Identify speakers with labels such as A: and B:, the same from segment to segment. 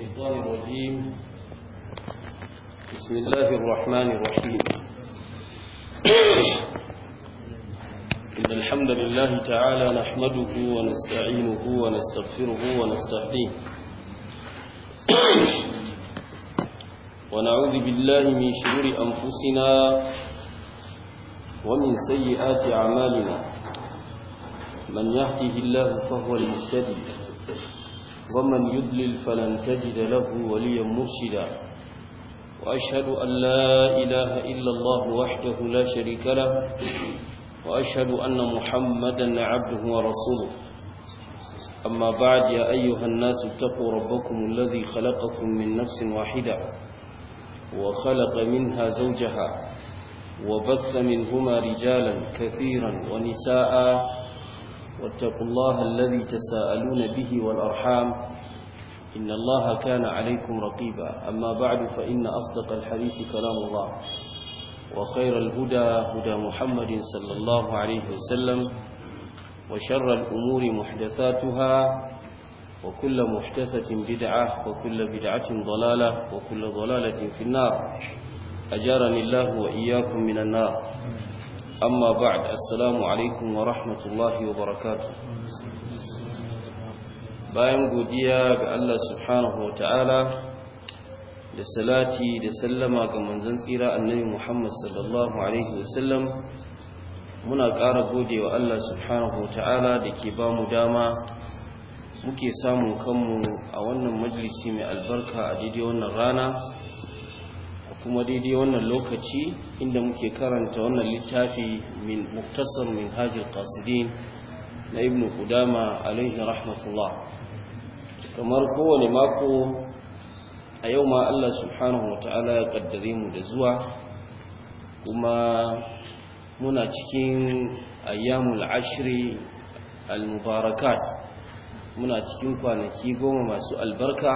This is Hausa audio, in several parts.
A: الشيطان الرجيم بسم الله الرحمن الرحيم إن الحمد لله تعالى نحمده ونستعينه ونستغفره ونستهديه ونعوذ بالله من شرور أنفسنا ومن سيئات أعمالنا من يهده الله فهو المهتدي ومن يدلل فلن تجد له وليا مرشدا وأشهد أن لا إله إلا الله وحده لا شريك له وأشهد أن محمدا عبده ورسوله أما بعد يا أيها الناس اتقوا ربكم الذي خلقكم من نفس واحدة وخلق منها زوجها وبث منهما رجالا كثيرا ونساء واتقوا الله الذي تساءلون به والأرحام إن الله كان عليكم رقيبا أما بعد فإن أصدق الحديث كلام الله وخير الهدى هدى محمد صلى الله عليه وسلم وشر الأمور محدثاتها وكل محدثة بدعة وكل بدعة ضلالة وكل ضلالة في النار أجارني الله وإياكم من النار أما بعد السلام wa ورحمة wa وبركاته bayan godiya ga Allah subhanahu ta'ala da salati da sallama ga manzon tsira annabi Muhammad sallallahu alaihi wasallam muna ƙara godewa Allah subhanahu ta'ala da ke ba mu dama muke samun kanmu a wannan majalisi mai albarka a daidai wannan rana kuma daidai wannan lokaci inda muke karanta wannan littafi min muktasar min hajjil qasidin na ibn kudama alaihi rahmatullah kamar kowane mako a yau ma Allah subhanahu wa ta'ala ya kaddare mu da zuwa kuma muna cikin ayyamul ashiri al-mubarakat muna cikin kwanaki goma masu albarka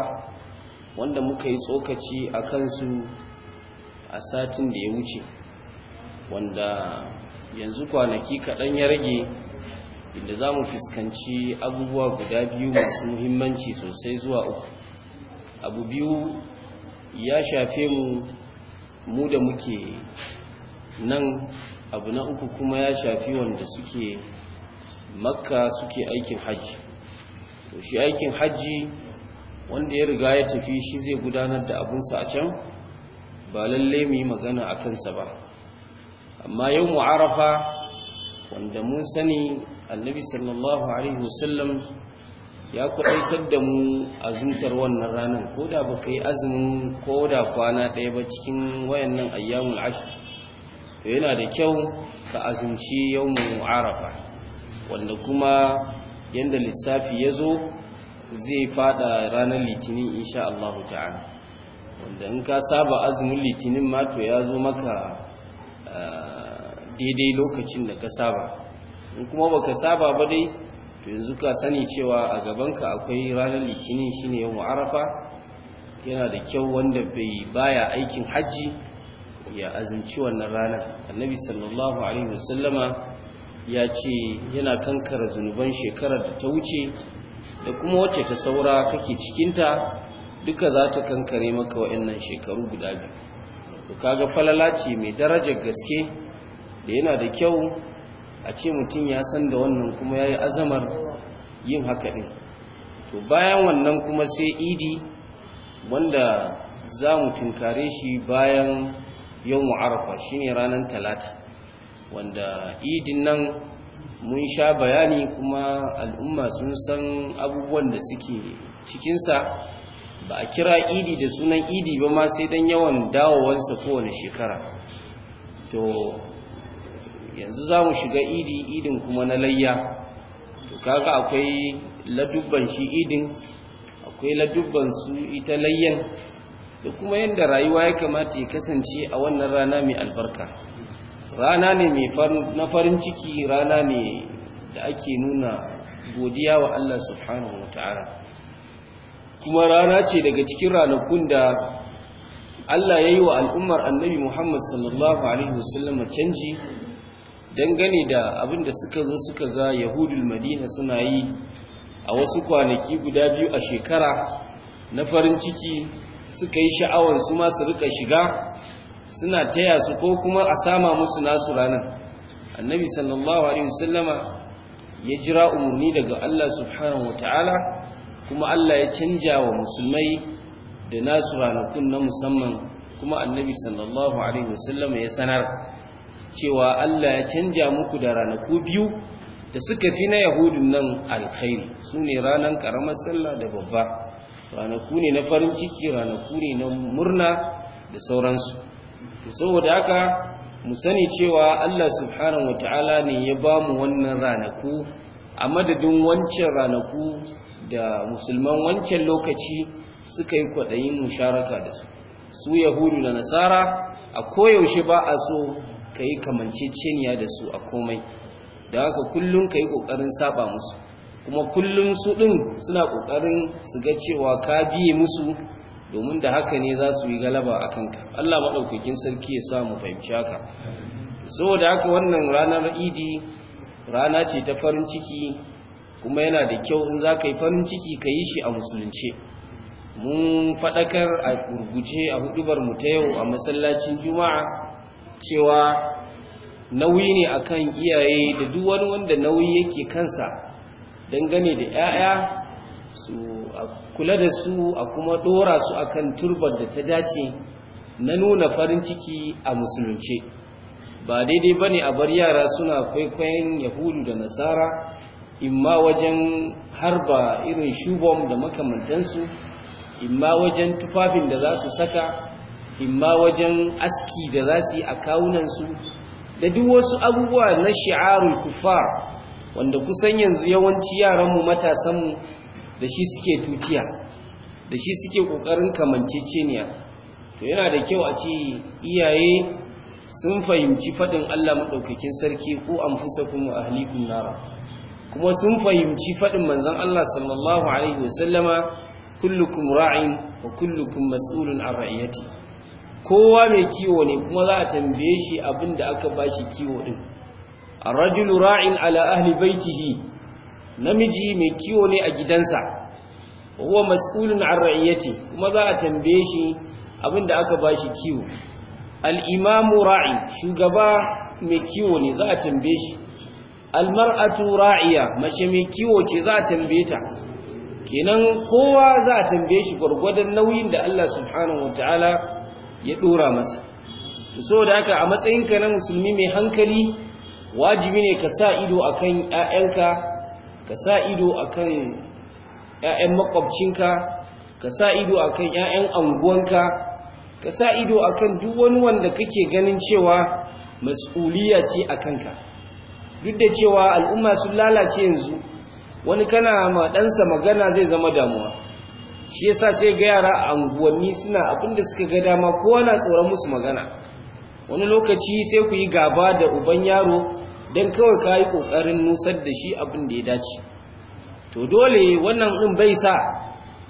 A: wanda muka yi tsokaci a kansu a satin da ya wuce wanda yanzu kwanaki kaɗan ya rage inda za mu fuskanci abubuwa guda biyu masu muhimmanci sosai zuwa uku abu biyu ya shafe mu mu da muke nan abu na uku kuma ya shafi wanda suke makka suke aikin hajji to shi aikin hajji wanda ya riga ya tafi shi zai gudanar da abunsa a can ba lalle mu yi magana a kansa ba amma yau mu'arafa wanda mun sani annabi sallallahu alaihi wasallam ya kudaitar da mu azumtar wannan ranar ko da ba ka yi azumin ko da kwana ɗaya ba cikin wayannan ayyamun ashi to yana da kyau ka azumci yau mu'arafa wanda kuma yadda lissafi ya zo zai fada ranar litinin insha Allah ta'ala wanda in ka saba azumin litinin ma to ya zo maka daidai lokacin da ka saba in kuma baka saba ba dai to yanzu ka sani cewa a gabanka akwai ranar litinin shine yau arafa yana da kyau wanda bai baya aikin hajji ya azumci wannan ranar annabi sallallahu alaihi wasallama ya ce yana kankara zunuban shekarar da ta wuce da kuma wacce ta saura kake cikinta duka za ta kankare maka wa'annan shekaru guda biyu to kaga falala ce mai darajar gaske da yana da kyau a ce mutum ya san da wannan kuma ya yi azamar yin haka ɗin to bayan wannan kuma sai idi wanda za mu tunkare shi bayan mu'arafa shi ne ranar talata wanda idin nan mun sha bayani kuma al'umma sun san abubuwan da suke cikinsa ba a kira idi da sunan idi ba ma sai dan yawan dawowansa kowane shekara to yanzu za mu shiga idi idin kuma na layya to kaga akwai ladubban shi idin akwai ladubban su ita layyan da kuma yadda rayuwa ya kamata ya kasance a wannan rana mai albarka rana ne na farin ciki rana ne da ake nuna godiya wa Allah subhanahu wa ta'ala kuma rana ce daga cikin ranakun da Allah ya yi wa al'ummar annabi Muhammad sallallahu Alaihi wasallam canji dangane da abin da suka zo suka ga Yahudul Madina suna yi a wasu kwanaki guda biyu a shekara na farin ciki suka yi sha'awar su masu rika shiga suna taya su ko kuma a sama musu nasu ranar annabi sallallahu alaihi wasallama ya jira umarni daga Allah subhanahu Ta'ala. kuma Allah ya canja wa musulmai da nasu ranakun na musamman kuma annabi sallallahu alaihi wasallam ya sanar cewa Allah ya canja muku da ranaku biyu da suka fi na yahudun nan alkhairi su ne ranar karamar sallah da babba ranaku ne na farin ciki ranaku ne na murna da sauransu saboda haka mu sani cewa Allah subhanahu wataala ne ya ba mu wannan ranaku a madadin wancan ranaku da musulman wancan lokaci suka yi kwaɗayin musharaka da su su yahudu da nasara a koyaushe ba a so ka yi kamanceceniya da su a komai da haka kullum ka yi ƙoƙarin saba musu kuma kullum su ɗin suna ƙoƙarin su ga cewa ka biye musu domin da haka ne za su yi galaba a kanka allah maɗaukakin sarki ya sa mu fahimci haka da haka wannan ranar idi rana ce ta farin ciki kuma yana da kyau in za ka yi farin ciki ka yi shi a musulunce mun faɗakar a gurguje a hudubar ta yau a masallacin juma'a cewa nauyi ne akan iyaye da duk wani wanda nauyi yake kansa dangane da 'ya'ya su a kula da su a kuma ɗora su akan turbar da ta dace na nuna farin ciki a musulunce ba daidai ba ne a bar yara suna kwaikwayon yahudu da nasara imma wajen harba irin shubom da makamantansu imma wajen tufafin da za su saka imma wajen aski da za su yi a kawunansu da duk wasu abubuwa na shi'arul kufar wanda kusan yanzu yawanci yaranmu matasanmu da shi suke tutiya da shi suke ƙoƙarin kamanceceniya to yana da kyau a ce iyaye sun fahimci faɗin Allah maɗaukakin sarki ko an fusa kuma a halikun nara kuma sun fahimci faɗin manzan Allah sallallahu Alaihi wasallama kullukum ra'in wa kullukum mas'ulun a ra’iyyati kowa mai kiwo ne kuma za a tambaye shi abin da aka ba shi kiwo ɗin a rajulu ra'in ala ahli baitihi namiji mai kiwo ne a gidansa wa matsulun mas'ulun ra’iyyati kuma za a tambaye shi abin da aka ba shi kiwo al'imamu ra'in shugaba mai kiwo ne za a tambaye shi almar'atu ra'iya mace mai kiwo ce za a tambaye ta kenan kowa za a tambaye shi gwargwadon nauyin da Allah subhanahu wataala ya dora masa saboda haka a matsayin ka na musulmi mai hankali wajibi ne ka sa ido akan ƴaƴanka ka sa ido akan ƴaƴan makwabcinka ka sa ido akan ƴaƴan anguwanka ka sa ido akan duk wani wanda kake ganin cewa mas'uliya ce akanka duk da cewa al'umma sun lalace yanzu wani kana ma ɗansa magana zai zama damuwa shi yasa sai ga yara a anguwanni suna abinda suka ga dama kowa na tsoron musu magana wani lokaci sai ku yi gaba da uban yaro don kawai ka yi ƙoƙarin nusar da shi abin da ya dace to dole wannan ɗin bai sa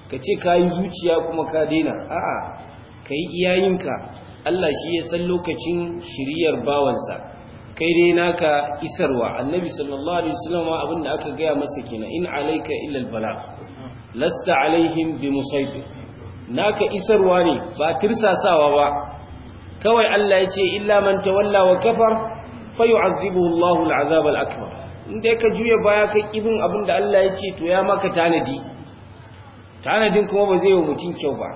A: ka ce ka yi zuciya kuma ka daina a'a ka yi iyayenka allah shi ya san lokacin shiriyar bawansa kai dai naka isarwa annabi sallallahu alaihi wasallam abin da aka gaya masa kenan in alayka illa albala lasta alaihim bimusaytir naka isarwa ne ba tirsasawa ba kawai Allah yace illa man tawalla wa kafar yu'adhibuhu Allahu al'azab al'akbar inda ka juya baya kai kibin abin da Allah ya ce to ya maka tanadi tanadin kuma ba zai yi mutum kyau ba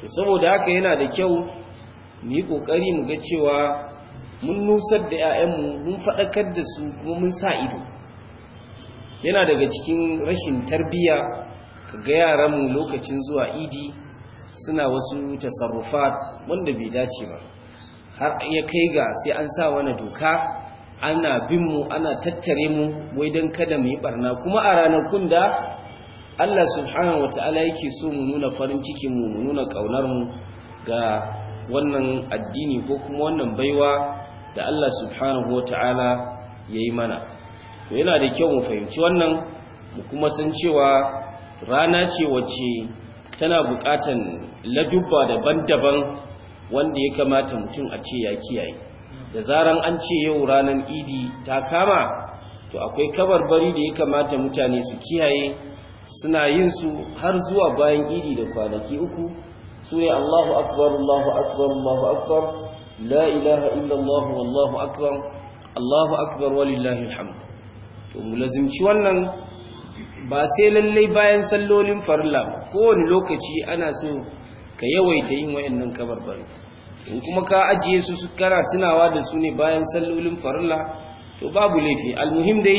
A: to saboda haka yana da kyau mu yi kokari mu ga cewa mun nusar da 'ya'yanmu mun faɗakar da su kuma mun sa ido yana daga cikin rashin tarbiyya ka ga yaranmu lokacin zuwa idi suna wasu tasarrufa wanda bai dace ba har ya kai ga sai an sa wani doka ana mu ana tattare mu wai don kada mu yi barna kuma a ranakun da Allah subhanahu wa ta'ala yake so mu nuna farin cikinmu mu nuna ƙaunarmu ga wannan addini ko kuma wannan baiwa da Allah subhanahu wa ta'ala ya yi mana to yana da kyau mu fahimci wannan mu kuma san cewa rana ce wacce tana buƙatan ladubba daban-daban wanda ya kamata mutum a ce ya kiyaye da zaran an ce yau ranar idi ta kama to akwai kabar bari da ya kamata mutane su kiyaye suna yin su har zuwa bayan idi da kwanaki uku Sune Allahu akbar Allahu akbar Allahu akbar la ilaha illallah wallahu akbar Allahu akbar walillahi alhamd to mu lazimci wannan ba sai lallai bayan sallolin farilla kowane lokaci ana so ka yawaita yin wayannan kabarbari in kuma ka ajiye su kana tunawa da su ne bayan sallolin farilla to babu laifi almuhim dai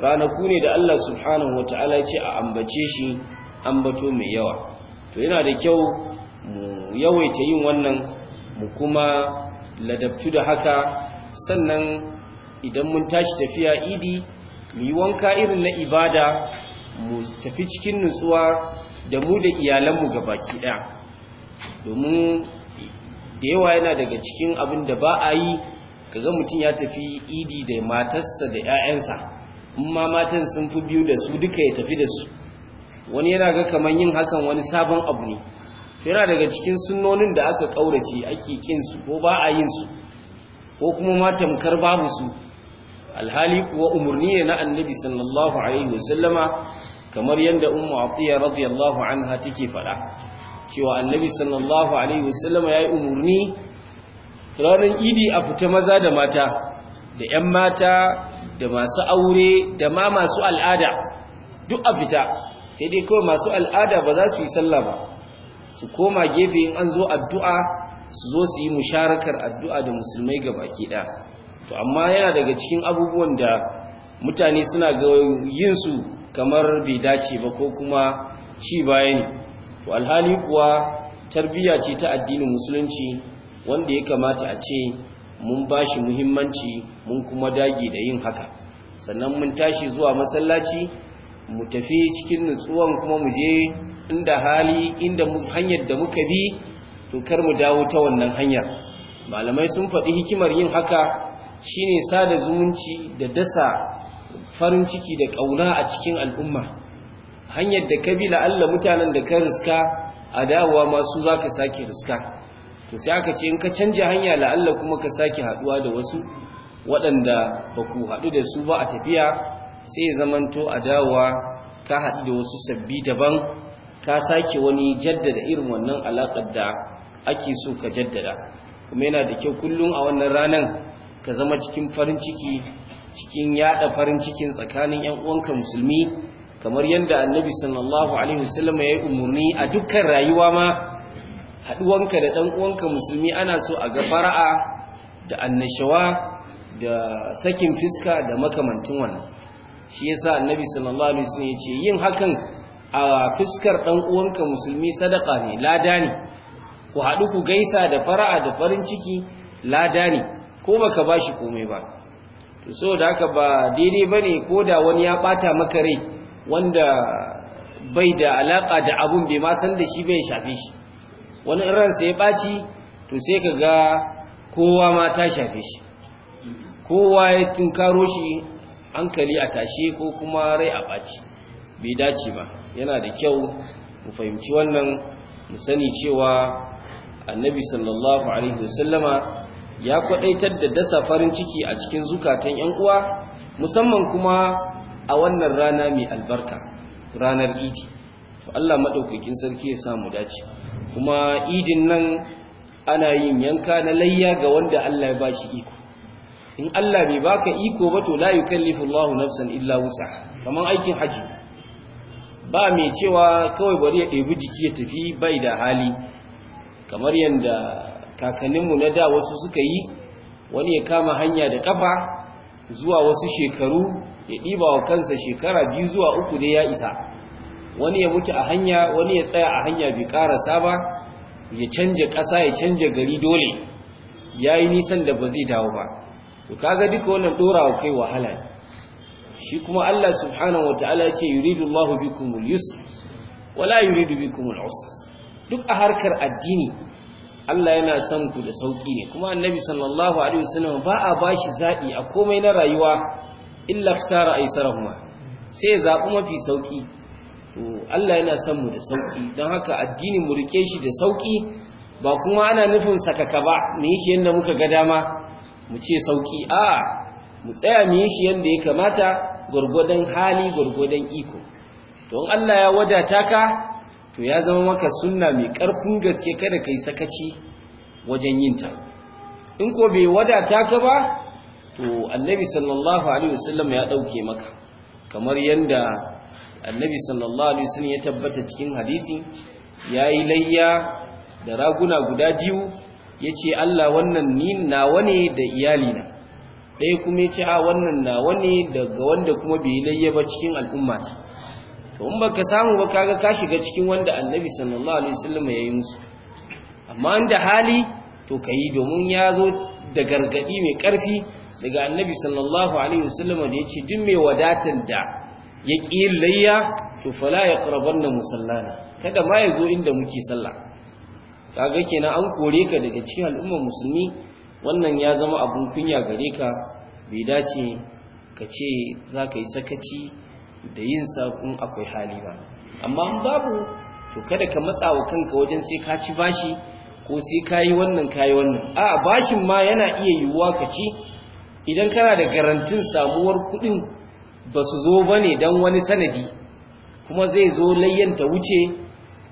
A: ranaku ne da Allah subhanahu wataala ya ce a ambace shi ambato mai yawa to yana da kyau mu yawaita yin wannan mu kuma ladabtu da haka sannan idan mun tashi tafiya idi mu yi wanka irin na ibada mu tafi cikin nutsuwa da mu da iyalanmu ga baki ɗaya domin da yawa yana daga cikin abin da ba a yi kaga mutum ya tafi idi da matarsa da 'ya'yansa in ma matan sun fi biyu da su duka ya tafi da su wani yana ga kamar yin hakan wani sabon abu ne yana daga cikin sunnonin da aka ƙaurace ake ƙinsu ko ba a yin su ko kuma ma tamkar babu su alhali kuwa umarni ne na annabi sallallahu alaihi wasallama kamar yadda umma atiya radiyallahu anha take fada cewa annabi sallallahu alaihi wasallama yayi umarni ranar idi a fita maza da mata da yan mata da masu aure da ma masu al'ada duk a fita sai dai kawai masu al'ada ba za su yi sallah ba su koma gefe in an zo addu'a su zo su yi musharakar addu'a da musulmai ga baki ɗaya to amma yana daga cikin abubuwan da mutane suna ga yin su kamar bai dace ba ko kuma ci baya ne to alhali kuwa tarbiyya ce ta addinin musulunci wanda ya kamata a ce mun ba shi muhimmanci mun kuma dage da yin haka sannan mun tashi zuwa masallaci mu tafi cikin nutsuwan kuma mu je inda hali inda hanyar da muka bi to kar mu dawo ta wannan hanyar malamai sun faɗi hikimar yin haka shine sada zumunci da dasa farin ciki da ƙauna a cikin al'umma hanyar da ka bi la'alla mutanen da ka riska a dawowa masu za ka sake riska to sai aka ce in ka canja hanya la'alla kuma ka sake haɗuwa da wasu waɗanda ba ku haɗu da su ba a tafiya sai zamanto a dawowa ka haɗu da wasu sabbi daban ka sake wani jaddada irin wannan alaƙar da ake so ka jaddada kuma yana da kyau kullum a wannan ranar ka zama cikin farin ciki cikin yada farin cikin tsakanin yan uwanka musulmi kamar yadda annabi sallallahu alaihi wasallam ya yi umarni a dukkan rayuwa ma haduwanka da dan uwanka musulmi ana so a ga fara'a da annashawa da sakin fiska da makamantin wannan shi yasa annabi sallallahu alaihi wasallam ya ce yin hakan a fiskar ɗan uwanka musulmi sadaka ne lada ne ku haɗu ku gaisa da fara'a da farin ciki lada ne ko baka bashi komai ba to da haka ba daidai ba ne ko da wani ya ɓata maka rai wanda bai da alaƙa da abun bai ma san da shi bai shafe shi wani ransa ya ɓaci to sai ka ga kowa ma ta shafe shi kowa ya tunkaro shi hankali a tashe ko kuma rai a ɓaci bai dace ba yana da kyau mu fahimci wannan mu sani cewa annabi sallallahu alaihi wasallama ya kwadaitar da dasa farin ciki a cikin zukatan yan uwa musamman kuma a wannan rana mai albarka ranar idi to Allah madaukakin sarki ya samu dace kuma idin nan ana yin yanka na layya ga wanda Allah ya bashi iko in Allah bai baka iko ba to la yukallifu Allahu nafsan illa wusa kaman aikin haji ba mai cewa kawai bari ya ɗebi jiki ya tafi bai da hali kamar yadda kakanninmu na da wasu suka yi wani ya kama hanya da ƙafa zuwa wasu shekaru ya ɗiba wa kansa shekara biyu zuwa uku ne ya isa wani ya mutu a hanya wani ya tsaya a hanya bai ƙarasa saba ya canja ƙasa ya canja gari dole ya yi nisan da ba zai dawo ba to kaga duka wannan ɗora wa kai wahala ne. shi kuma Allah subhanahu wa ya ce yuridu Allahu bikumul yusr wala yuridu bikumul usr duk a harkar addini Allah yana son ku da sauƙi ne kuma annabi sallallahu alaihi wasallam ba a bashi zabi a komai na rayuwa illa ftara aisarahuma sai zabi mafi sauƙi. to Allah yana son mu da sauki don haka addini mu rike shi da sauƙi? ba kuma ana nufin sakaka ba mu yi shi yanda muka ga dama mu ce sauki a mu tsaya mu yi shi yanda ya kamata gurgudan hali gurgudan iko don Allah ya wadata ka to ya zama maka sunna mai ƙarfin gaske kada kai sakaci wajen yin ta in ko bai wadata ka ba to annabi sallallahu alaihi wasallam ya dauke maka kamar yanda annabi sallallahu alaihi wasallam ya tabbata cikin hadisi yayi layya da raguna guda biyu yace Allah wannan ni nawa ne da iyalina ɗaya kuma ya ce a wannan na wani daga wanda kuma bai layya ba cikin al'umma ta to in baka samu ba kaga ka shiga cikin wanda annabi sallallahu alaihi wasallam ya yi musu amma inda hali to kai domin ya zo da gargadi mai ƙarfi daga annabi sallallahu alaihi wasallam da ya ce duk mai wadatar da ya ƙi layya to fala ya qarbanna musallana kada ma ya zo inda muke sallah kaga kenan an kore ka daga cikin al'ummar musulmi wannan ya zama abun kunya gare ka bai dace ka ce za ka yi sakaci da yin sakun akwai hali ba amma babu to kada ka matsa wa kanka wajen sai ka ci bashi ko sai ka yi wannan ka yi wannan a bashin ma yana iya yiwuwa ka ci idan kana da garantin samuwar kuɗin ba su zo ba ne don wani sanadi kuma zai zo layyanta wuce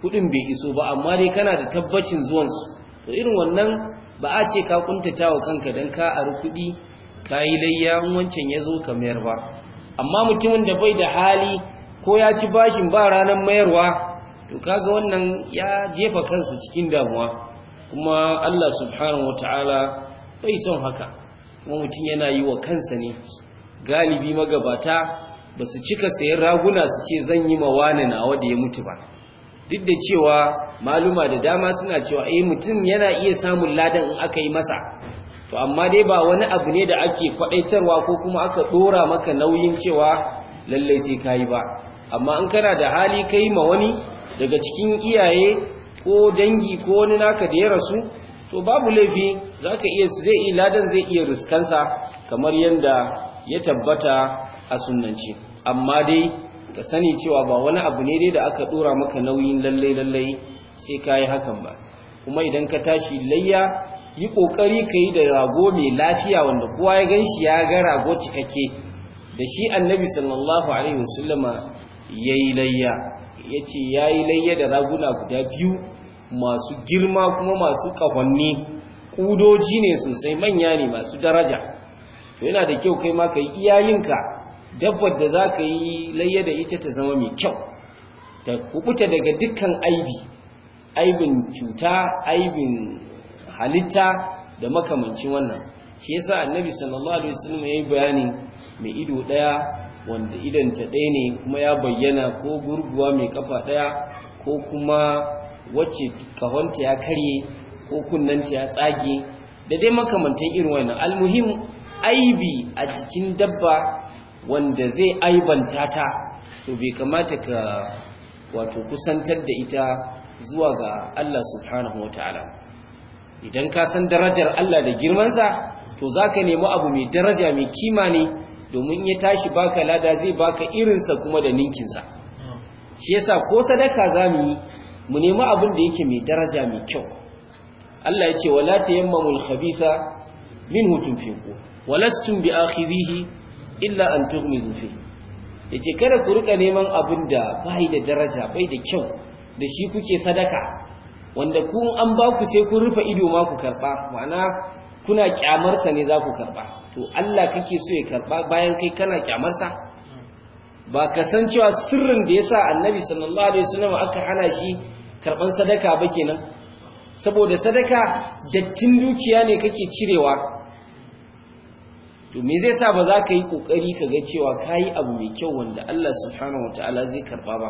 A: kuɗin bai iso ba amma dai kana da tabbacin zuwansu to irin wannan ba a ce ka kuntata wa kanka don ka ari kuɗi kayi dai ya wancan ya zo ka mayar ba amma mutumin da bai da hali ko ya ci bashin ba ranar mayarwa to kaga wannan ya jefa kansa cikin damuwa kuma Allah subhanahu wataala bai son haka kuma mutum yana yi wa kansa ne galibi magabata ba su cika sayan raguna su ce zan yi mawani nawa da ya mutu ba duk da cewa maluma da dama suna cewa eh mutum yana iya samun ladan in aka yi masa to amma dai ba wani abu ne da ake kwadaitarwa ko kuma aka dora maka nauyin cewa lallai sai kayi ba amma in kana da hali kai ma wani daga cikin iyaye ko dangi ko wani naka da ya rasu to babu laifi zaka iya zai iya ladan zai iya riskansa kamar yanda ya tabbata a sunnanci amma dai ka sani cewa ba wani abu ne dai da aka dora maka nauyin lallai lallai sai kayi hakan ba kuma idan ka tashi layya yi ƙoƙari ka yi da rago mai lafiya wanda kowa ya gan shi ya ga rago cikakke da shi annabi sallallahu alaihi wasallama ya yi layya ya ce ya yi layya da raguna guda biyu masu girma kuma masu ƙahonni ƙudoji ne sosai manya ne masu daraja to yana da kyau kai ma ka yi iyayenka dabbar da za ka yi layya da ita ta zama mai kyau ta kubuta daga dukkan aibi aibin cuta aibin halitta da makamancin wannan shi yasa annabi sallallahu alaihi wasallam yayi bayani mai ido daya wanda idan ta daya ne kuma ya bayyana ko gurguwa mai kafa daya ko kuma wacce kahonta ya karye ko kunnanta ya tsage da dai makamantan irin wannan almuhim aibi a jikin dabba wanda zai aibanta ta to bai kamata ka wato kusantar da ita zuwa ga Allah subhanahu wataala idan ka san darajar Allah da girmansa to za ka nemi abu mai daraja mai kima ne domin ya tashi baka lada zai baka irin sa kuma da ninkinsa shi yasa ko sadaka za mu yi mu nemi abin da yake mai daraja mai kyau Allah ya ce wala ta tayammamul khabitha minhu tunfiqu walastum bi akhirihi illa an tughmidu fi yace kada ku rika neman abin da bai da daraja bai da kyau da shi kuke sadaka wanda ku an ba ku sai kun rufe ido ma ku karɓa, ma'ana kuna kyamarsa ne za ku karba to Allah kake so ya karɓa bayan kai kana kyamarsa ba ka san cewa sirrin da yasa annabi sallallahu alaihi wasallam aka hana shi karban sadaka ba kenan saboda sadaka dattin dukiya ne kake cirewa to me zai sa ba za ka yi kokari ka ga cewa kayi abu mai kyau wanda Allah subhanahu wataala zai karɓa ba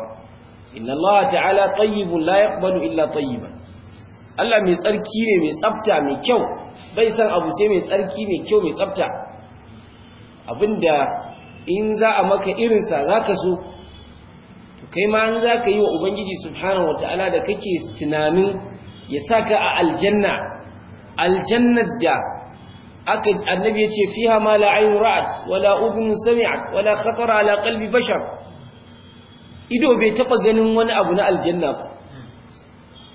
A: inna Allah ta'ala tayyibun la yaqbalu illa tayyiban Allah mai tsarki ne mai tsafta mai kyau bai san abu sai mai tsarki mai kyau mai tsafta abinda in za a maka irinsa za ka so kai ma an za ka yi wa ubangiji subhanahu wa da kake tunanin ya sa ka a aljanna aljannar da aka annabi ya ce fiha hama la'ayin ra'ad wala ubin sami'at wala khatara ala bashar ido bai taɓa ganin wani abu na aljanna ba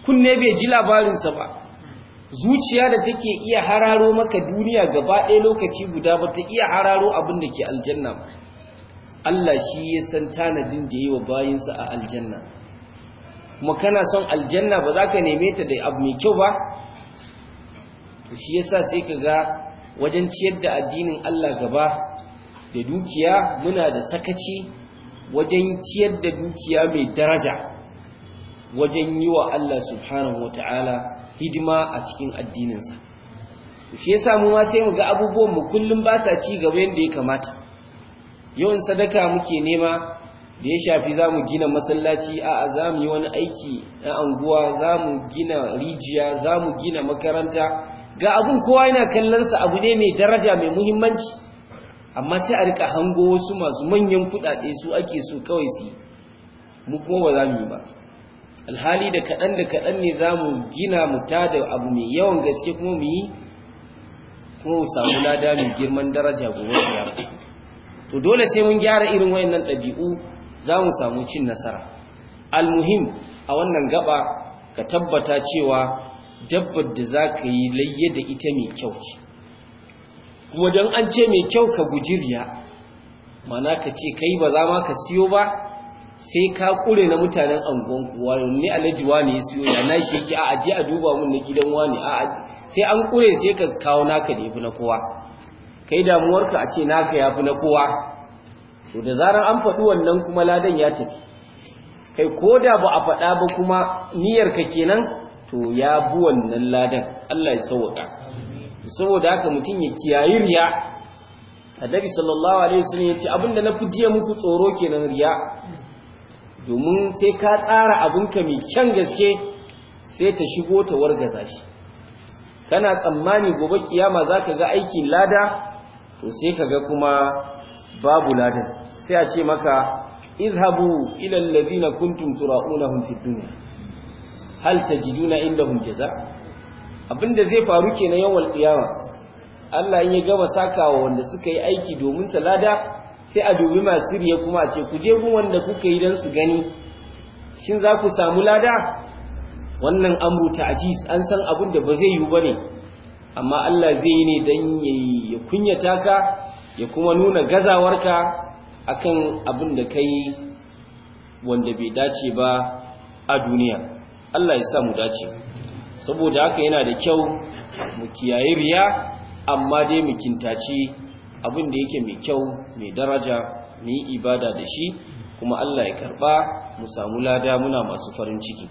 A: kunne bai ji labarinsa ba zuciya da take iya hararo maka duniya gaba ɗaya lokaci guda ba ta iya hararo abin da ke aljanna ba Allah shi ya san tanadin da yi wa bayinsa a aljanna kuma kana son aljanna ba za ka neme ta da abu mai kyau ba to shi yasa sai ka ga wajen ciyar da addinin Allah gaba da dukiya muna da sakaci wajen ciyar da dukiya mai daraja wajen yi wa Allah subhanahu ta'ala hidima a cikin addininsa shi yasa samu ma sai mu ga abubuwan mu kullum ba sa ci gaba yadda ya kamata yawan sadaka muke nema da ya shafi za mu gina masallaci a za mu yi wani aiki na anguwa za mu gina rijiya za mu gina makaranta ga abu kowa yana kallonsa abu ne mai daraja mai muhimmanci amma sai a rika hango wasu masu manyan kudade su ake so kawai su mu kuma ba za mu yi ba alhali da kaɗan da kaɗan ne za mu gina mu da abu mai yawan gaske kuma mu yi kuma mu samu lada mai girman daraja gobe ya to dole sai mun gyara irin wayannan ɗabi'u za mu samu cin nasara almuhim a wannan gaba ka tabbata cewa dabbar da za ka yi layye da ita mai kyau ce kuma don an ce mai kyau ka guji riya mana ka ce kai ba za ma ka siyo ba sai ka kure na mutanen angonku wani alhaji wani ya siyo ya na shi ki a aje a duba mun na gidan wani a sai an kure sai ka kawo naka da fi na kowa kai damuwarka a ce naka fi na kowa to da zarar an faɗi wannan kuma ladan ya tafi kai ko da ba a faɗa ba kuma ka kenan to ya bu wannan ladan Allah ya sauwaka saboda haka mutum ya kiyayi riya annabi sallallahu alaihi wasallam ya ce abinda na fi jiya muku tsoro kenan riya domin sai ka tsara abinka mai kyan gaske sai ta shigo ta wargaza shi kana tsammani gobe kiyama za ka ga aikin lada to sai ka ga kuma babu Lada. sai a ce maka izhabu ilal ladina kuntum tura'unahum fid dunya hal tajiduna indahum jaza abinda zai faru kenan yawan kiyama Allah in ya gama wa wanda suka yi aiki domin lada? sai a dubi masu riya kuma a ce ku je gun wanda kuka yi don su gani shin za ku samu lada wannan amru ta'jiz an san abin da ba zai yi ne, amma Allah zai yi ne dan ya kunyata ka ya kuma nuna gazawar gazawarka akan abin da kai wanda bai dace ba a duniya Allah ya sa mu dace saboda haka yana da kyau mu kiyaye riya amma dai mu kintaci abin da yake mai kyau mai daraja mai ibada da shi kuma Allah ya karba mu samu lada muna masu farin ciki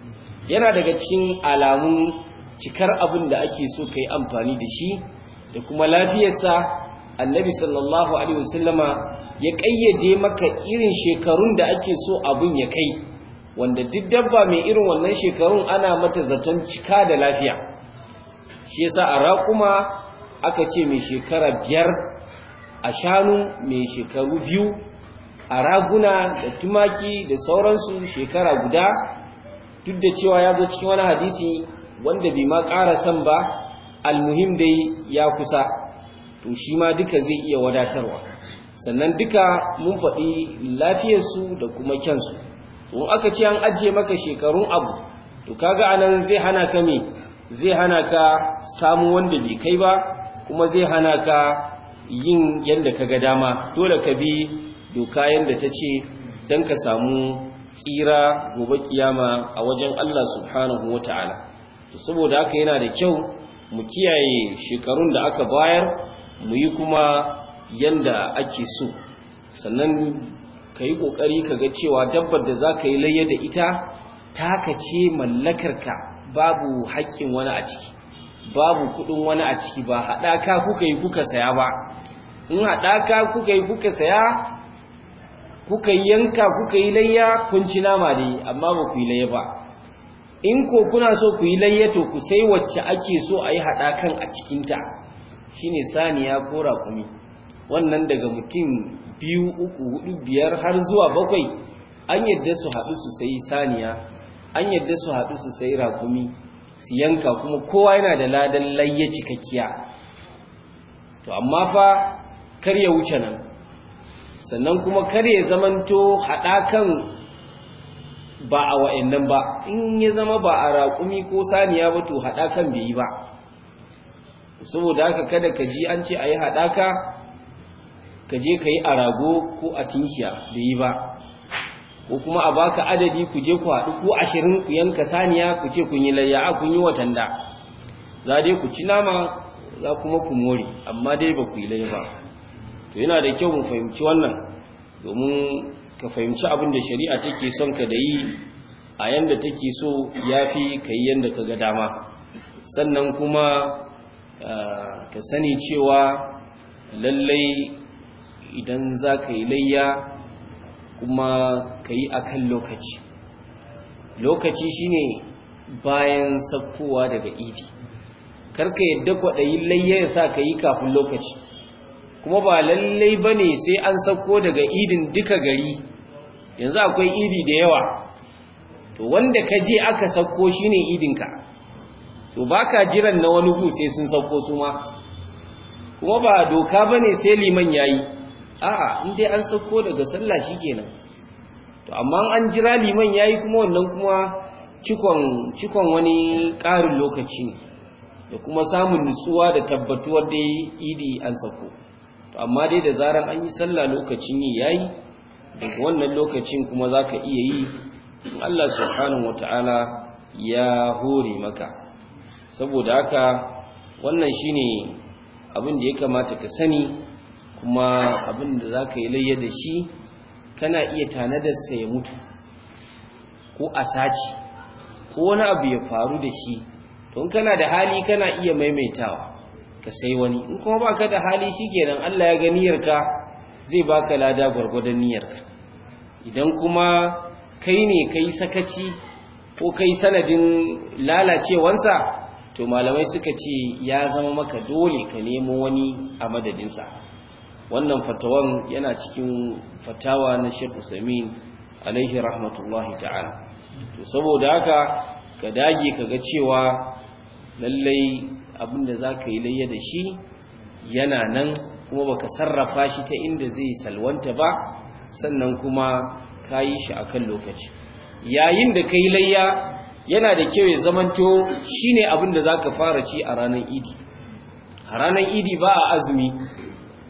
A: yana daga cikin alamun cikar abin da ake so ka amfani da shi da kuma lafiyarsa annabi sallallahu alaihi wasallama ya kayyade maka irin shekarun da ake so abin ya kai wanda duk dabba mai irin wannan shekarun ana mata zaton cika da lafiya shi yasa a raƙuma aka ce mai shekara biyar a shanu mai shekaru biyu a raguna da tumaki da sauransu shekara guda duk da cewa ya zo cikin wani hadisi wanda bai ma ƙara san ba almuhim dai ya kusa to shi ma duka zai iya wadatarwa sannan duka mun faɗi lafiyarsu da kuma kyansu in aka ce an ajiye maka shekarun abu to kaga anan zai hana ka me zai hana ka samu wanda bai kai ba kuma zai hana ka yin yadda ka ga dama dole ka bi doka yadda ta ce don ka samu tsira gobe kiyama a wajen Allah subhanahu wa ta'ala saboda haka yana da kyau mu kiyaye shekarun da aka bayar mu yi kuma yadda ake so sannan ka yi ƙoƙari ka ga cewa dabbar da za ka yi layya da ita taka ce mallakarka babu haƙƙin wani a ciki babu kuɗin wani a ciki ba haɗaka kuka yi kuka saya ba in haɗaka kuka yi kuka saya kuka yanka kuka yi layya kun ci nama ne amma ba ku yi layya ba in ko kuna so ku yi layya to ku sai wacce ake so a yi haɗakan a cikinta shine saniya ko rakumi wannan daga mutum biyu uku hudu biyar har zuwa bakwai an yadda su haɗu su sayi saniya an yadda su haɗu su sayi rakumi su yanka kuma kowa yana da ladan layya cikakkiya to amma fa kar ya wuce nan sannan kuma kar ya zamanto haɗakan ba a wa'annan ba in ya zama ba a raƙumi ko saniya ba to haɗakan bai yi ba saboda haka kada ka ji an ce a yi haɗaka ka je ka yi a rago ko a tinkiya bai yi ba ko kuma a baka adadi ku je ku haɗu ko ashirin ku yanka saniya ku ce kun yi layya a kun yi watan da za dai ku ci nama za kuma ku more amma dai ba ku yi layya ba to yana da kyau mu fahimci wannan domin ka fahimci abin da shari'a take son ka da yi a yanda take so yafi ka yi yanda ka ga dama sannan kuma eh, ka sani cewa lallai idan za ka yi layya kuma ka yi akan lokaci lokaci shine bayan sakkowa daga idi karka yadda kwaɗayin layya ya sa ka yi kafin lokaci kuma ba lallai ba ne sai an sauko daga idin duka gari yanzu akwai idi da yawa to wanda ka je aka sauko shi ne idinka to ba ka jiran na wani hu sai sun sauko su ma kuma ba doka ba ne sai liman ya yi a'a in dai an sauko daga sallah shi kenan to amma an jira liman ya yi kuma wannan kuma cikon wani ƙarin lokaci da kuma samun nutsuwa da tabbatuwar da idi an sauko amma dai da zaran an yi sallah lokacin yi yayi daga wannan lokacin kuma zaka iya yi Allah subhanahu wata'ala ya hore maka saboda haka wannan shine abin da ya kamata ka sani kuma abin da zaka yi layya da shi kana iya tanadar sa ya mutu ko a sace, ko wani abu ya faru da shi don kana da hali kana iya maimaitawa ka sai wani in kuma ba ka da hali shi nan Allah ya ga niyyarka zai baka lada gwargwadon ka. idan kuma kai ne kai sakaci ko kai sanadin lalacewansa to malamai suka ce ya zama maka dole ka nemo wani a madadinsa wannan fatawan yana cikin fatawa na Sheikh Usaimin alaihi rahmatullahi ta'ala to saboda haka ka dage ka ga cewa lallai abinda za ka yi layya da shi yana nan kuma baka sarrafa shi ta inda zai salwanta ba sannan kuma ka yi shi a kan lokaci yayin da ka yi layya yana da kyau ya zamanto shi ne abinda za ka fara ci a ranar idi a ranar idi ba a azumi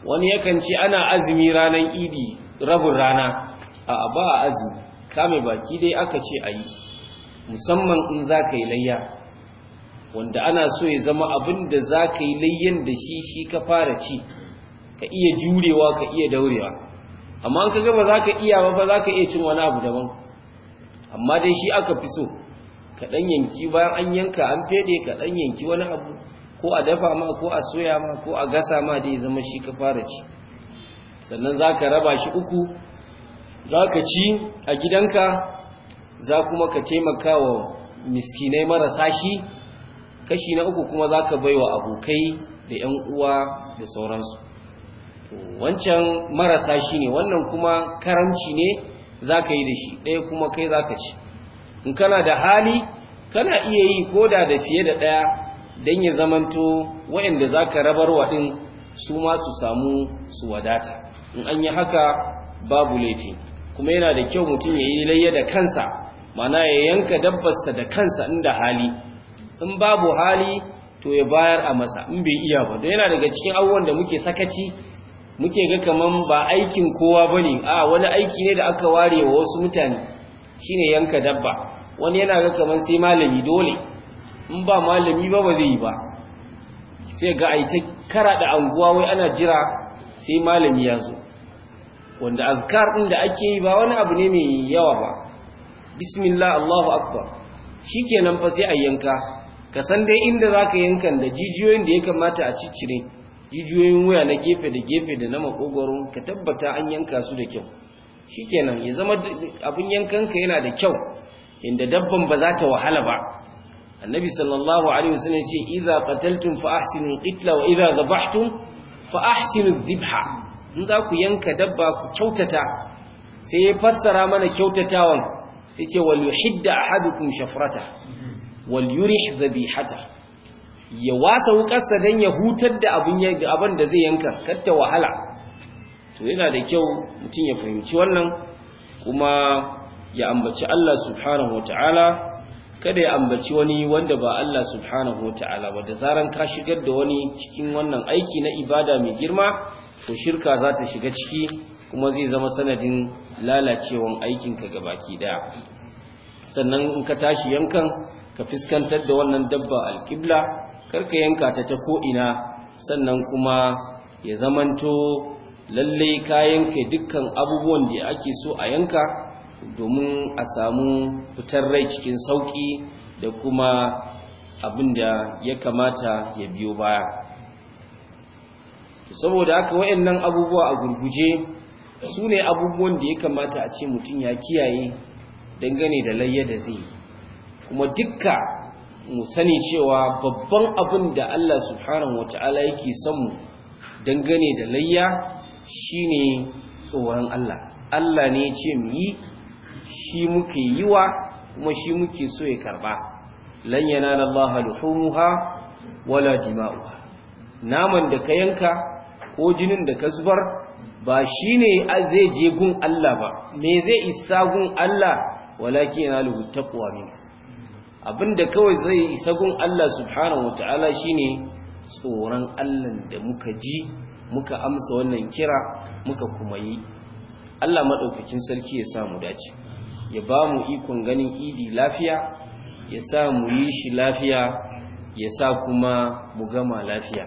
A: wani yakan ce ana azumi ranar idi rabin rana a ba a azumi kame baki dai aka ce a yi musamman in za ka yi layya wanda ana so ya zama abin da za ka yi layyan da shi shi ka fara ci ka iya jurewa ka iya daurewa amma an ka ba za ka iya ba ba za ka iya cin wani abu daban amma dai shi aka fi so ka ɗan yanki bayan an yanka an fede ka ɗan yanki wani abu ko a dafa ma ko a soya ma ko a gasa ma da zama shi ka fara ci sannan za ka raba shi uku za ka ci a gidanka za kuma ka taimaka wa miskinai marasa shi kashi na uku kuma za ka baiwa abokai da 'yan uwa da sauransu wancan marasa shi ne wannan kuma karamci ne za ka yi da shi ɗaya kuma kai za ka ci in kana da hali kana iya yi ko da da fiye da ɗaya don ya zamanto waɗanda za ka rabar waɗin su ma su samu su wadata in an yi haka babu laifi kuma yana da kyau mutum ya yi layya da kansa mana ya yanka dabbarsa da kansa inda hali in babu hali to ya bayar a masa in bai iya ba da yana daga cikin abubuwan da muke sakaci muke ga kaman ba aikin kowa ba ne a wani aiki ne da aka ware wa wasu mutane shine yanka dabba wani yana ga kaman sai malami dole in ba malami ba ba zai yi ba sai ga ta kara da anguwa wai ana jira sai malami ya zo wanda azkar ɗin da ake yi ba wani abu ne mai yawa ba bismillah allahu akbar shikenan fa sai a yanka ka san dai inda za ka yankan da jijiyoyin da ya kamata a ciccire jijiyoyin wuya na gefe da gefe da na makogoron ka tabbata an yanka su da kyau Shi kenan ya zama abin yankanka yana da kyau inda dabban ba za ta wahala ba annabi sallallahu alaihi wasallam ya ce idza qataltum fa ahsinu qitla wa idza dhabhtum fa ahsinu dhibha in za ku yanka dabba ku kyautata sai ya fassara mana kyautatawan sai ce wal yuhidda ahadukum shafrata wal yurih zabihata ya wasa wukarsa dan ya hutar da abin abin da zai yanka katta wahala to yana da kyau mutum ya fahimci wannan kuma ya ambaci Allah subhanahu wataala kada ya ambaci wani wanda ba Allah subhanahu wataala ba da zaran ka shigar da wani cikin wannan aiki na ibada mai girma to shirka za ta shiga ciki kuma zai zama sanadin lalacewan aikinka gabaki daya sannan in ka tashi yankan ka fiskantar da wannan dabba alƙibla karka yanka ta ta ko'ina sannan kuma ya zamanto lallai ka yanka dukkan abubuwan da ake so a yanka domin a samu fitar rai cikin sauƙi da kuma abin da ya kamata ya biyo baya saboda haka nan abubuwa a gurguje su ne abubuwan da ya kamata a ce mutum ya kiyaye dangane da layya da zai yi kuma dukka mu sani cewa babban abin da Allah subhanahu wata'ala yake son mu dangane da layya shine tsoron Allah Allah ne ce mu yi shi muke yiwa kuma shi muke so ya karba lan yanala Allah wala dima'uha naman da ka yanka ko jinin da ka zubar ba shine zai je gun Allah ba me zai isa gun Allah walakin yanaluhu taqwa minka abinda kawai zai isa gun Allah subhanahu wataala shine tsoron Allah da muka ji muka amsa wannan kira muka kuma yi Allah maɗaukakin sarki ya samu dace ya ba mu ikon ganin idi lafiya ya sa mu yi shi lafiya ya sa kuma mu gama lafiya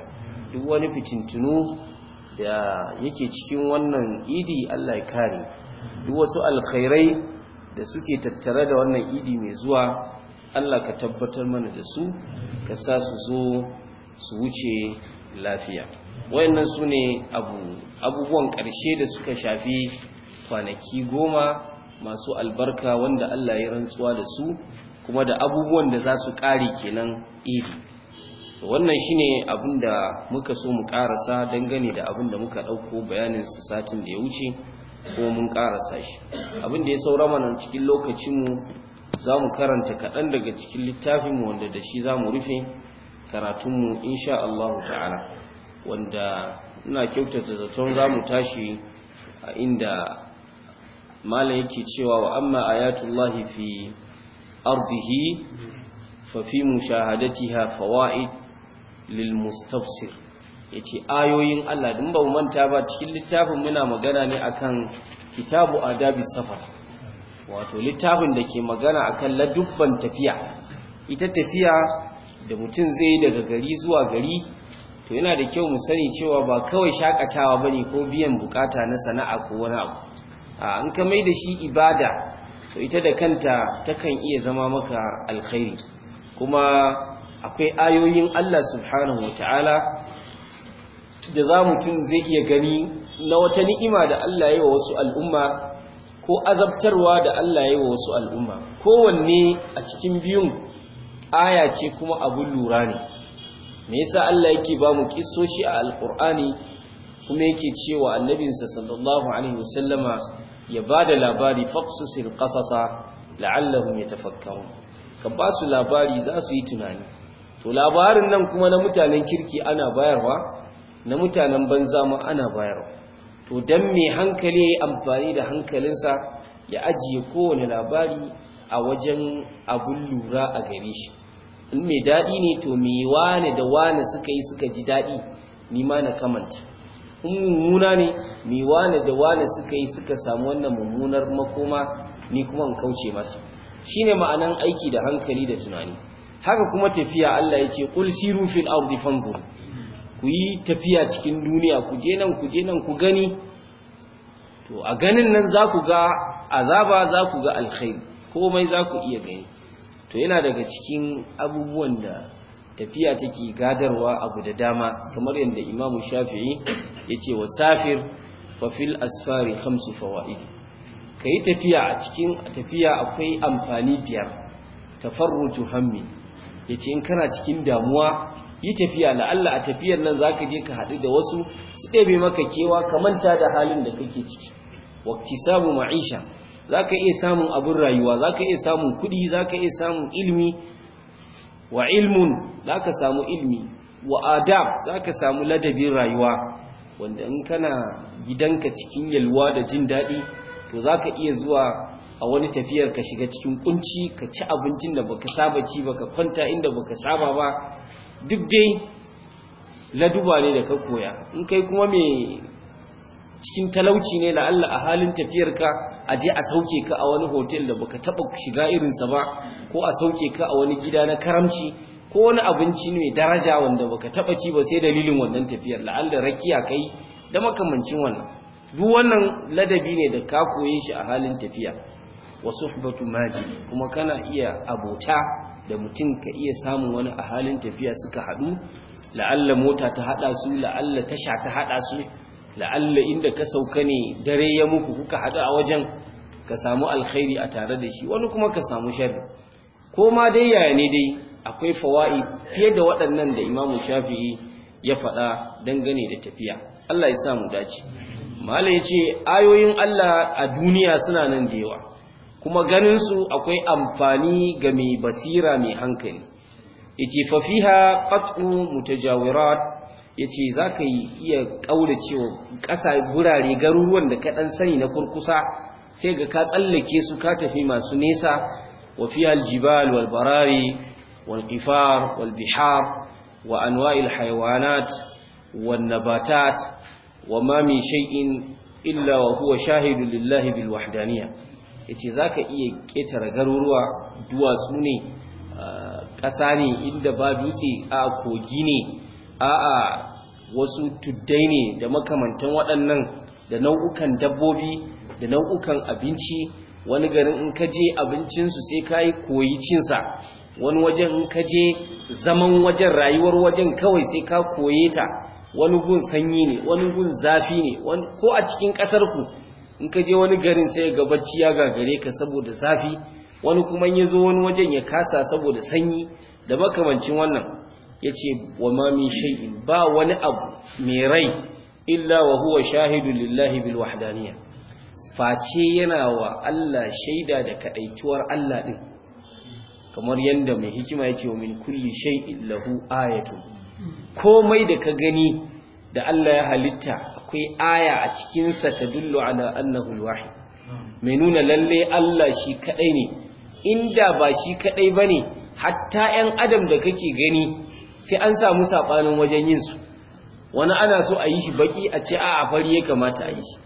A: duk wani fitintunu da yake cikin wannan idi Allah ya kare duk wasu alkhairai da suke tattare da wannan idi mai zuwa Allah ka tabbatar mana da su ka sa su zo su wuce lafiya wayannan su ne abubuwan ƙarshe da suka shafi kwanaki goma masu albarka wanda Allah ya rantsuwa da su kuma da abubuwan da za su ƙare kenan iri wannan shine abin da muka so mu ƙarasa dangane da abin da muka ɗauko bayanin su satin da ya wuce ko mun ƙarasa shi abin da ya saura mana cikin lokacinmu za mu karanta kaɗan daga cikin littafinmu wanda da shi za mu rufe karatunmu insha Allah ta'ala wanda ina kyautata zaton za mu tashi a inda mala yake cewa wa amma ayatullahi fi ardihi fa fi mushahadatiha fawaid lil mustafsir yace ayoyin Allah din ba mu manta ba cikin littafin muna magana ne akan kitabu adabi safar wato littafin da ke magana a akan ladubban tafiya ita tafiya da mutum zai daga gari zuwa gari to yana da kyau mu sani cewa ba kawai shakatawa ba ne ko biyan bukata na sana'a ko wani abu a in ka mai da shi ibada to ita da kanta takan iya zama maka alkhairi kuma akwai ayoyin Allah subhanahu Ta'ala da za mutum zai iya gani na wata ni'ima da Allah ya wa wasu al'umma ko azabtarwa da Allah ya yi wa wasu al'umma kowanne a cikin biyun aya ce kuma abin lura ne me yasa Allah yake ba mu shi a Alƙur'ani kuma yake cewa annabinsa sallallahu alaihi wasallama ya ba da labari ƙasasa? La'allahu ya yatafakkarun ka ba su labari za su yi tunani to labarin nan kuma na mutanen kirki ana bayarwa na mutanen banza ma ana bayarwa to dan mai hankali ya yi amfani da hankalinsa ya ajiye kowane labari a wajen abun lura a gare shi in mai daɗi ne to mai wane da wane suka yi suka ji daɗi ni ma na kamanta in mummuna ne mai wane da wane suka yi suka samu wannan mummunar makoma ni kuma in kauce masu Shi ne ma'anan aiki da hankali da tunani haka kuma tafiya Allah ya ce ƙulshi rufin fil ardi ku yi tafiya cikin duniya ku je nan ku je nan ku gani to a ganin nan za ku ga azaba za ku ga alkhairi komai za ku iya gani to yana daga cikin abubuwan da tafiya take gadarwa abu da dama kamar yadda imamu shafi'i ya ce wa safir fafil asfari hamsu fawa'id ka yi tafiya a cikin tafiya akwai amfani biyar tafarruju hammi ya ce in kana cikin damuwa yi tafiya na Allah a tafiyar nan za ka je ka haɗu da wasu su ɗebe maka kewa ka manta da halin da kake ciki waqtisabu ma'isha ka iya samun abin rayuwa Za ka iya samun kuɗi ka iya samun ilimi wa ilmun Za ka samu ilimi wa adab ka samu ladabin rayuwa wanda in kana gidanka cikin yalwa da jin daɗi to za ka iya zuwa a wani tafiyar ka shiga cikin kunci ka ci abincin da baka saba ci baka kwanta inda baka saba ba duk dai laduba ne da ka koya in kai kuma mai cikin talauci ne la'alla a halin tafiyarka a je a sauke ka a wani hotel da baka taba shiga irinsa ba ko a sauke ka a wani gida na karamci ko wani abinci mai daraja wanda baka taba ci ba sai dalilin wannan tafiyar la'alla rakiya kai da makamancin wannan duk wannan ladabi ne da ka koye shi a halin tafiya wa suhbatu majid kuma kana iya abota da mutum ka iya samun wani a halin tafiya suka haɗu la'alla mota ta haɗa su la'alla tasha ta haɗa su la'alla inda ka sauka ne dare ya muku kuka haɗu a wajen ka samu alkhairi a tare da shi wani kuma ka samu sharri ko ma dai yaya ne dai akwai fawa'i fiye da waɗannan da imamu shafi'i ya faɗa dangane da tafiya Allah ya samu dace malai ya ce ayoyin Allah a duniya suna nan da yawa kuma ganinsu akwai amfani ga mai basira mai hankali yace fa fiha qat'u mutajawirat yace zaka iya kauracewa ƙasa gurare garuruwan da ka dan sani na kurkusa sai ga ka tsallake su ka tafi masu nesa wa fiha aljibal wal barari wal qifar wal bihar wa anwa'il hayawanat wan nabatat wa ma min shay'in illa wa huwa shahidu lillahi bil wahdaniyah ce za ka iya ƙetare garuruwa duwatsu ne ƙasa ne inda ba dutse a kogi ne a wasu tuddai ne da makamantan waɗannan da nau'ukan dabbobi da nau'ukan abinci wani garin in ka je abincinsu sai ka yi koyi cinsa wani wajen in ka je zaman wajen rayuwar wajen kawai sai ka koye ta wani gun sanyi ne wani gun zafi ne ko a cikin ƙasarku in ka je wani garin sai ga bacci ya gagare ka saboda zafi wani kuma ya zo wani wajen ya kasa saboda sanyi da makamancin wannan ya ce wa ma min shay'in ba wani abu mai rai illa wa huwa shahidu lillahi bil wahdaniyya face yana wa Allah shaida da kadaituwar Allah ɗin, kamar yadda mai hikima yake wa min kulli shay'in lahu ayatu komai da ka gani da Allah ya halitta akwai aya a cikinsa ta dullo ala annahu alwahid hmm. mai nuna lalle Allah shi kadai ne inda ba shi kadai bane hatta 'yan adam da kake gani sai an samu sabanin wajen yin su wani ana so a yi shi baki a ce a fari ya kamata a yi shi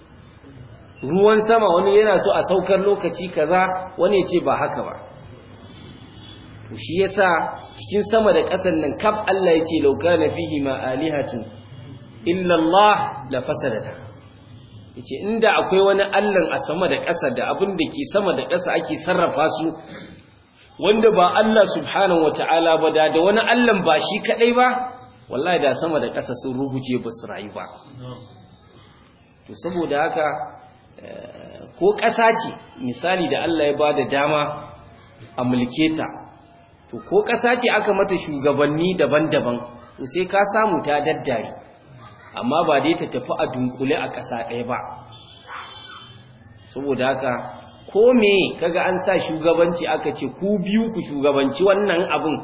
A: ruwan sama wani yana so a saukar lokaci kaza wani ya ce ba haka ba to shi yasa cikin sama da ƙasar nan kaf Allah ya ce lauka na fihi ma alihatun illallah la fasadata yace inda akwai wani allan a sama da ƙasa da abin da ke sama da ƙasa ake sarrafa su wanda ba Allah subhanahu wataala ba da wani allan ba shi kadai ba wallahi da sama da ƙasa sun rubuce ba su rayu ba to saboda haka eh, ko ƙasa ce misali da Allah ya bada dama a mulke ta to ko ƙasa ce aka mata shugabanni daban-daban to sai ka samu ta daddare amma ba dai ta tafi a dunkule a ƙasa ɗaya ba saboda haka ko me kaga an sa shugabanci aka ce ku biyu ku shugabanci wannan abin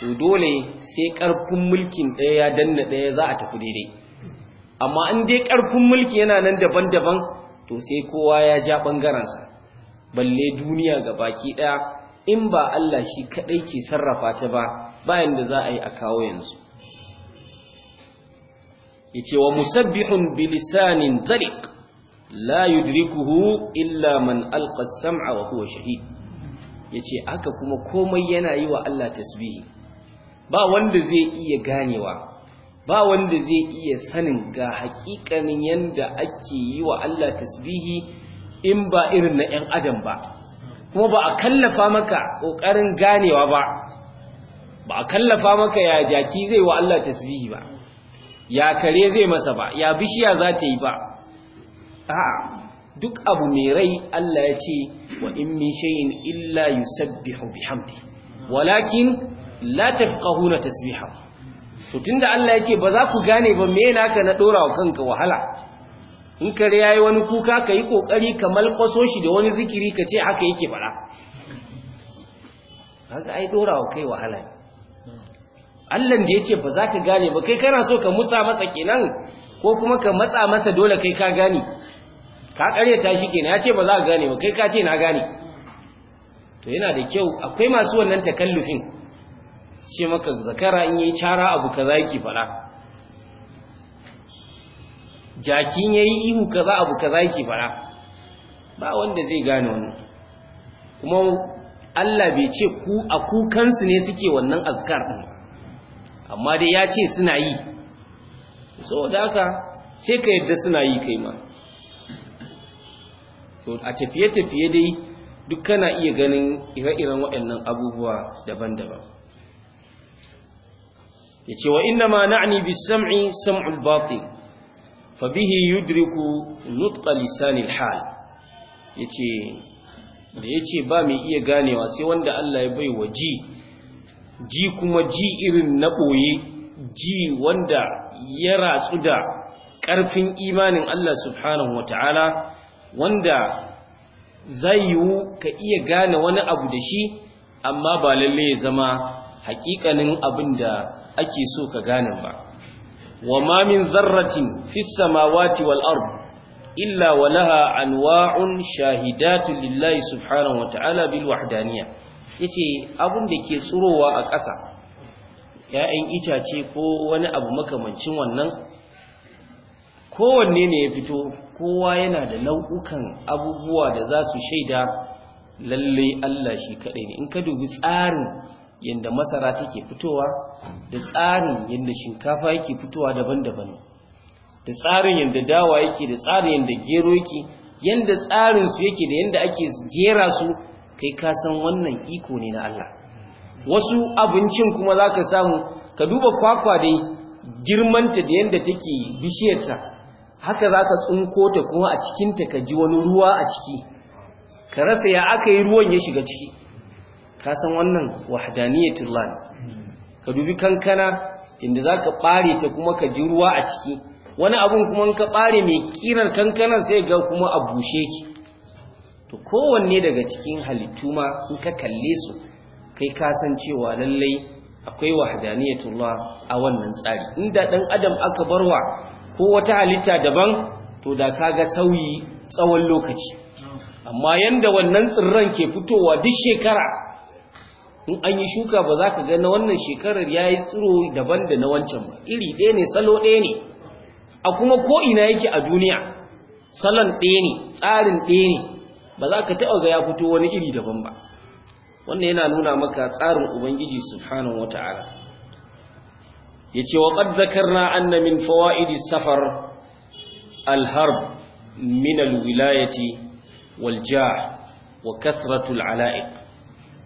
A: to dole sai ƙarfin mulkin ɗaya ya danna ɗaya za a tafi daidai amma in dai ƙarfin mulki yana nan daban-daban to sai kowa ya ja ɓangarensa balle duniya ga baki ɗaya in ba Allah shi kaɗai ke sarrafa ta ba bayan da za a yi a kawo yanzu yace wa musabbihun bilisanin dariq la yudrikuhu illa man alqa as-sam'a wa huwa shahid yace haka kuma komai yana yi wa Allah tasbihi ba wanda zai iya ganewa ba wanda zai iya sanin ga hakikanin yanda ake yi wa Allah tasbihi in ba irin na 'yan adam ba kuma ba a kallafa maka kokarin ganewa ba ba a kallafa maka ya jaki zai wa Allah tasbihi ba ya kare zai masa ba ya bishiya za ta yi ba a'a duk abu mai rai Allah ya ce wa in min shay'in illa yusabbihu bihamdi walakin la tafqahuna tasbiha. to tunda Allah yake ba za ku gane ba me naka na dora wa kanka wahala in kare yayi wani kuka kai kokari ka malkwaso shi da wani zikiri ka ce haka yake faɗa? haka ai dora wa kai wahala Allahn da ya ce ba za ka gane ba kai kana so ka musa masa kenan ko kuma ka matsa masa dole kai ka gane ka karyata shi kenan ya ce ba za ka gane ba kai ka ce na gane to yana da kyau akwai masu wannan takallufin ce maka zakara in yayi cara abu kaza yake fara jakin yayi ihu kaza abu kaza yake fara ba wanda zai gane wannan kuma Allah bai ce ku a kukansu ne suke wannan azkar din amma dai ya ce suna yi da haka sai ka yadda suna yi kai ma a tafiye-tafiye dai duk kana iya ganin ire-iren waɗannan abubuwa daban-daban ya ce wa inda ma na'ani bi sam'i sam'ul batin fa bihi yudriku nutka lisanil hal ce da ce ba mai iya ganewa sai wanda Allah ya bai wa ji ji kuma ji irin na ɓoye ji wanda ya ratsu da ƙarfin imanin Allah subhanahu wa ta'ala wanda zai yiwu ka iya gane wani abu da shi amma ba lalle ya zama haƙiƙanin abin da ake so ka gane ba wa ma min zarratin fis samawati wal ard illa walaha anwa'un shahidatu lillahi subhanahu wa ta'ala bil wahdaniyya yace abun da ke tsurowa a ƙasa 'ya'yan itace ko wani abu makamancin wannan kowanne ne ya fito kowa yana da nau'ukan abubuwa da za su shaida lalle Allah shi kaɗai ne in ka dubi tsarin yadda masara take fitowa da tsarin yadda shinkafa yake fitowa daban-daban da tsarin yadda dawa yake da tsarin yadda gero yake yadda tsarin su yake da yadda ake jera su kai ka san wannan iko ne na Allah wasu abincin kuma za ka samu ka duba kwakwa dai girmanta da yadda take bishiyarta haka za ka tsunko ta kuma a cikinta ka ji wani ruwa a ciki ka rasa ya aka yi ruwan ya shiga ciki ka san wannan wahdaniyatullah ne ka dubi kankana inda za ka ɓare ta kuma ka ji ruwa a ciki wani abun kuma ka ɓare mai ƙirar kankanan sai ga kuma a bushe ki to kowanne daga cikin halittu ma in ka kalle su kai ka san cewa lallai akwai wahdaniyatullah a wannan tsari inda dan adam aka barwa ko wata halitta daban to da kaga sauyi tsawon lokaci amma yanda wannan tsirran ke fitowa duk shekara in an yi shuka ba za ka ga na wannan shekarar ya yi tsiro daban da na wancan ba iri ɗaya ne salo ɗaya ne a kuma ko ina yake a duniya salon ɗaya ne tsarin ɗaya ne ba za ka taɓa ga ya fito wani iri daban ba wannan yana nuna maka tsarin ubangiji subhanahu wata'ala yace wa qad zakarna anna min fawaidi safar alharb min alwilayati Walja wa kathratu Ya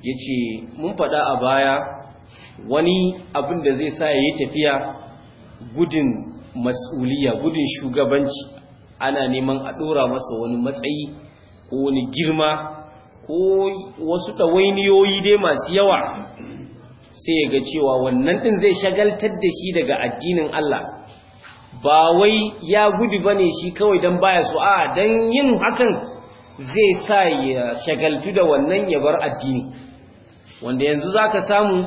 A: yace mun fada a baya wani abin da zai sa yayi tafiya gudun mas'uliya gudun shugabanci ana neman a dora masa wani matsayi ko wani girma ko wasu ɗawainiyoyi dai masu yawa sai ga cewa wannan ɗin zai shagaltar da shi daga addinin Allah ba wai ya gudu ba ne shi kawai don baya so a don yin hakan zai sa ya shagaltu da wannan ya bar addini wanda yanzu za ka samu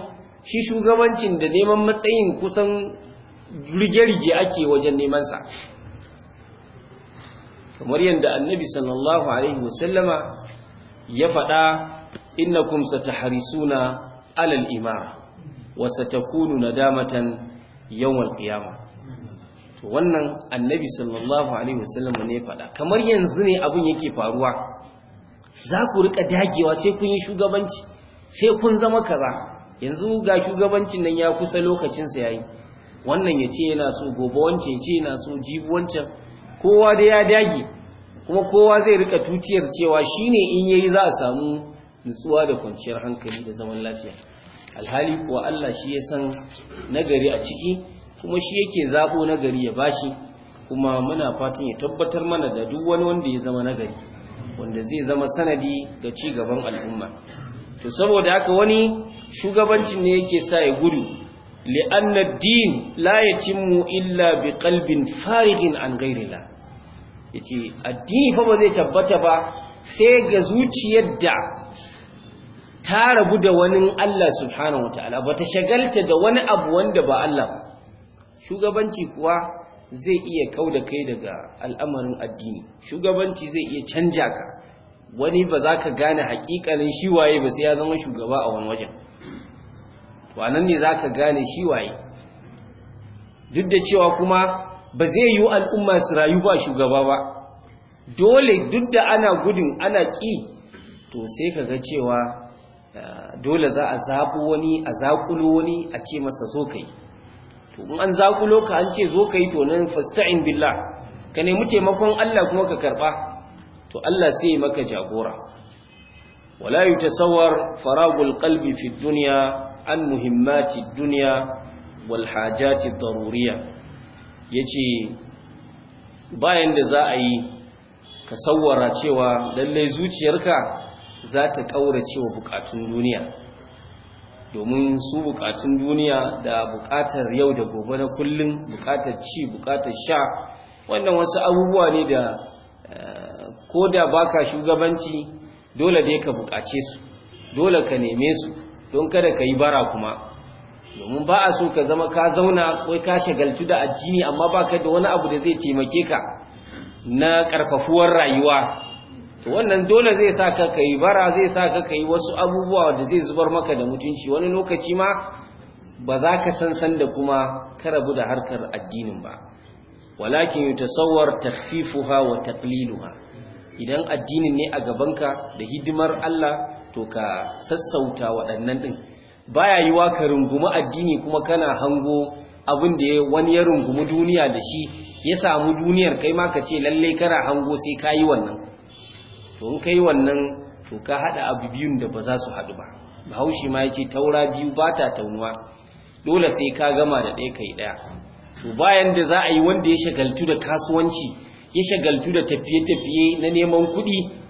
A: shi shugabancin da neman matsayin kusan rige-rige ake wajen neman sa? kamar yadda annabi sallallahu alaihi wasallama ya faɗa innakum satahrisuna alal imara wa satakunu nadamatan yawmal qiyama to wannan annabi sallallahu alaihi wasallama ne faɗa kamar yanzu ne abun yake faruwa za ku rika dagewa sai kun yi shugabanci sai kun zama kaza yanzu ga shugabancin nan ya kusa lokacin sa yayi wannan yace yana so gobe wancan yace yana so jibi wancan kowa da ya dage kuma kowa zai rika tutiyar cewa shine in yayi za a samu nutsuwa da kwanciyar hankali da zaman lafiya alhali kuwa Allah shi ya san nagari a ciki kuma shi yake zaɓo nagari ya bashi kuma muna fatan ya tabbatar mana da duk wani wanda ya zama nagari wanda zai zama sanadi ga ci gaban al'umma to saboda haka wani shugabancin ne yake sa ya gudu li'anna ad-din la illa bi qalbin farigin an ghayrillah yace addini fa ba zai tabbata ba sai ga zuciyar da ta rabu da wani Allah subhanahu ba ta shagalta da wani abu wanda ba Allah ba shugabanci kuwa zai iya kau da kai daga al'amarin addini shugabanci zai iya canja ka wani ba za ka gane hakikalin shi waye ba sai ya zama shugaba a wani wajen Wa nan ne za ka gane shi waye duk da cewa kuma ba zai yi al'umma su rayu ba shugaba ba dole duk da ana gudun ana ƙi to sai ka ga cewa eh, dole za a zaɓo wani a zaƙulo wani a ce masa zo ka yi to in an zaƙulo ka an ce zo ka yi to nan fasta'in billah ka nemi taimakon Allah kuma ka karɓa to Allah sai ya maka jagora wala yutasawwar faragul qalbi fi dunya an muhimmaci duniya wal hajati daruriya yace bayan da za a yi ka sawwara cewa lalle zuciyarka za ta kaurace wa bukatun duniya domin su bukatun duniya da bukatar yau da gobe na kullun bukatar ci bukatar sha wannan wasu abubuwa ne da eh, ko da baka shugabanci dole dai ka bukace su dole ka neme su don kada ka yi bara kuma domin ba a so ka zama ka zauna kai ka shagaltu da addini amma ba ka da wani abu da zai taimake ka na karfafuwar rayuwa to wannan dole zai sa ka kai bara zai sa ka kai wasu abubuwa da zai zubar maka da mutunci wani lokaci ma ba za ka san san da kuma ka rabu da harkar addinin ba walakin yutasawwar takhfifuha wa taqliluha idan addinin ne a gabanka da hidimar Allah to ka sassauta waɗannan ɗin ba baya yiwa ka rungumi addini kuma kana hango abin da wani ya rungumi duniya da shi ya samu duniyar kai ma ka ce lallai kana hango sai ka yi wannan to in ka yi wannan to ka haɗa abu biyun da ba za su haɗu ba bahaushe ma ya ce taura biyu ba ta taunuwa dole sai ka gama da ɗaya kai ɗaya to bayan da za a yi wanda ya shagaltu da kasuwanci ya shagaltu da tafiye-tafiye na neman kuɗi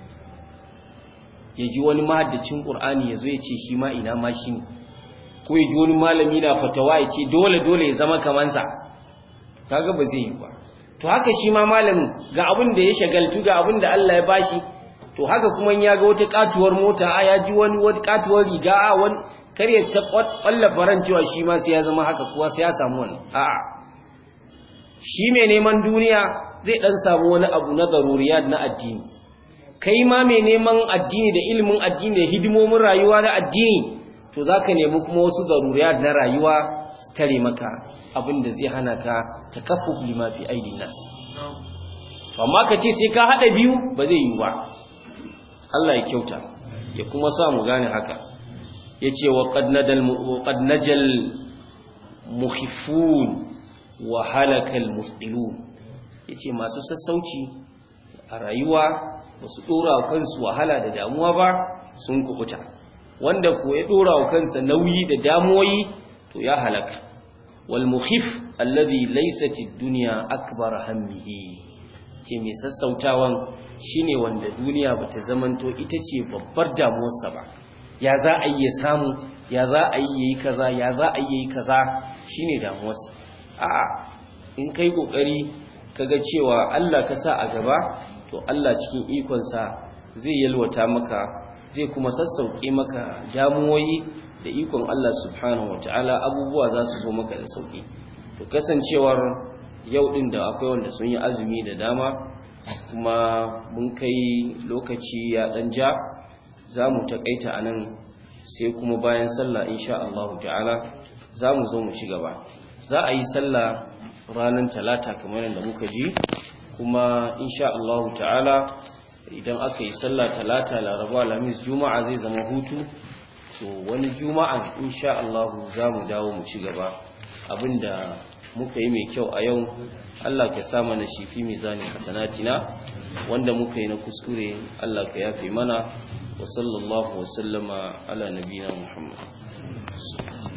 A: ya ji wani mahaddacin ƙur'ani ya zo ya ce shi ma ina ma shi ne ko ya ji wani malami na fatawa ya ce dole dole ya zama kamansa kaga ba zai yi ba to haka shi ma malamin ga abin da ya shagaltu ga abin da Allah ya bashi to haka kuma ya ga wata katuwar mota a ya ji wani wata katuwar riga a wani kar ya ta kwalla faran cewa shi ma sai ya zama haka kuwa sai ya samu wani a'a shi mai neman duniya zai dan samu wani abu na garuriya na addini kai ma mai neman addini da ilimin addini da hidimomin rayuwa na addini to za ka nemi kuma wasu zaruriya na rayuwa su tare maka abin da zai hana ka ta kafa lima fi aidin amma ka ce sai ka haɗa biyu ba zai yi ba Allah ya kyauta ya kuma sa mu gane haka ya ce wa na najal muhifun wa halakal mustilun ya ce masu sassauci a rayuwa ba su ɗora kansu wahala da damuwa ba sun kubuta wanda ko ya ɗora wa kansa nauyi da damuwoyi to ya halaka wal muhif alladhi laysat ad-dunya akbar hammihi ke mai sassautawan shine wanda duniya ba bata zamanto ita ce babbar damuwarsa ba ya za a yi samu ya za a yi yayi kaza ya za a yi yayi kaza shine damuwarsa a in kai kokari kaga cewa Allah ka sa a gaba to Allah cikin ikonsa zai yalwata maka zai kuma sassauke maka damuwoyi da ikon Allah subhanahu wataala abubuwa za su zo maka da sauki to kasancewar yau din da akwai wanda sun yi azumi da dama kuma mun kai lokaci ya dan ja za mu takaita a nan sai kuma bayan sallah insha Allah ta'ala za mu zo mu ci gaba za a yi sallah ranar talata kamar yadda muka ji kuma insha Allah ta'ala idan aka yi sallah talata laraba alhamis juma'a zai zama hutu so wani juma'a insha Allah za mu dawo mu ci gaba abinda muka yi mai kyau a yau Allah ka sa mana shi fi mizanin hasanatina wanda muka yi na kuskure Allah ka yafe mana wa sallallahu wa sallama ala nabiyina Muhammad